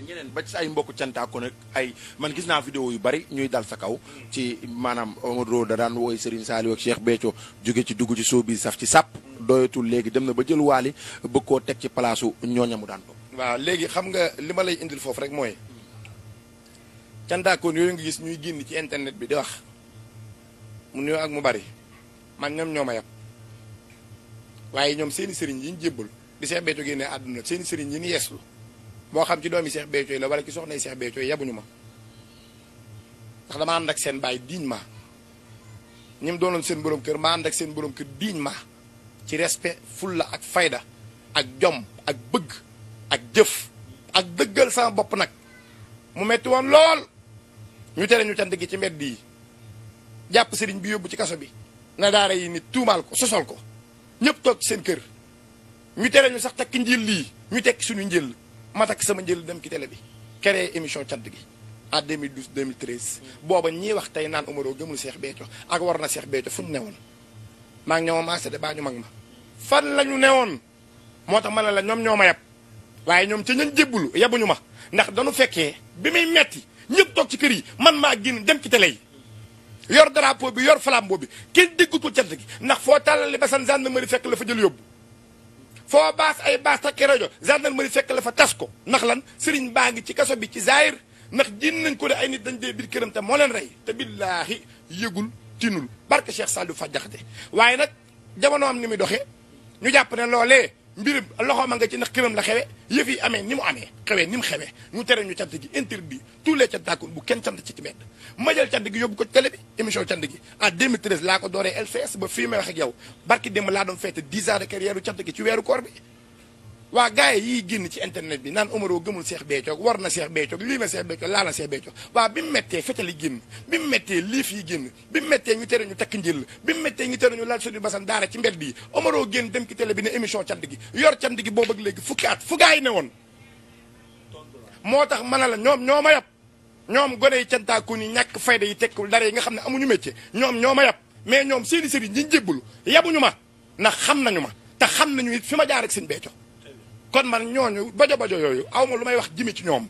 ñeneen ba ci ay mbokku cantaako nag ay man gis naa vidéo yu bari ñuy dal sa kaw. ci maanaam Omaro da daan woy Serigne Saliou seex Cheikh jóge ci dugg ci soo bi saf ci sàpp. doyatul léegi dem na ba jël waali bëgg koo teg ci palaasu ñooña mu daan ko. waaw léegi xam nga li ma lay indil foofu rek mooy. cantaakoon yooyu nga gis ñuy génn ci internet bi di wax mu nuyoo ak mu bari man ñoom ñoo ma waaye ñoom seeni sëriñ yi ñu jébbal bi Cheikh Béthio àdduna seeni sëriñ yi ñu yeeslu. moo xam ci doomi Cheikh Béthio la wala ci soxnay Cheikh Béthio yabuñu ma ndax dama ànd ak seen baay diñ ma ñi mu doonoon seen borom kër ma ak seen borom kër diñ ma ci respect fulla ak fayda ak jom ak bëgg ak jëf ak dëggal sama bopp nag mu metti woon lool ñu tere ñu cant gi ci mbedd yi jàpp sëriñ bi yóbbu ci kaso bi na yi nit tuumaal ko sosol ko ñëpp toog seen kër ñu tere ñu sax takk njiil lii ñu tekki suñu njël ma sama njël dem ci télé bi créé émission cadd gi à 2012 2013 booba ñii wax tey naan Omaro gëmul Cheikh Béthio ak war na Cheikh Béthio fu ñu newoon maa ngi ñoo maase de baa ñu mag ma la ñu newoon moo tax ma ne la ñoom ñoo ma yab waaye ñoom ca ñañ jébbulu yabuñu ma ndax dañu fekkee bi muy metti ñëpp toog ci kër yi man maa génn dem ci télé yi yor drapeau bi yor flambeau bi kenn déggutul cant gi ndax foo tàllali ba san gendarmerie fekk la fa jël yóbbu foo baas ay baas takki rajo na gendarmerie fekk la fa tas ko ndax lan sëriñ baa ngi ci kaso bi ci zaayir nax jin nañ ko de ay nit dañ dee biir këram te moo leen rey te billaahi yëgul tinul barke Cheikh Saliou fa jax jaxate waaye nag jamono ni muy doxee ñu jàpp ne loolee mbir loxo ma nga ci ndax këram la xewe yëf yi amee ni mu amee xewee ni mu xewee ñu tere ñu cant gi interdit tous les cant d'accord bu kenn cant ci ci mbedd ma jël cant gi yóbbu ko ci télé bi émission cant gi en 2013 laa ko dooree LCS ba fii may wax ak yow barki démb laa doon feete 10 ans de carrière cant gi ci weeru koor bi waa gars yi yiy génn ci internet bi naan Omaro gëmul Cheikh Béthio war na Cheikh Béthio lii na Cheikh Béthio laa na Cheikh Béthio waa bi mu méttee fetali génn bi mu méttee liif yi génn bi mu méttee ñu tere ñu takk njël bi mu méttee ñu tere ñu laal suñu basan daara ci mbedd yi Omaro génn dem ci télé bi ne émission cant gi yor cant gi boobu ak fukki at fu gars yi ne woon moo tax mën na la ñoom ñoo ma yab ñoom gone yi cantaaku ni ñàkk fayda yi tekkul dara yi nga xam ne amuñu métier ñoom ñoo ma yab mais ñoom seeni sëriñ ñi jébbalu yabuñu ma ndax xam nañu ma te xam nañu it fi ma jaar ak seen Béthio kon man ñooñu bajo bajo yooyu awma lu may wax jimi ci ñoom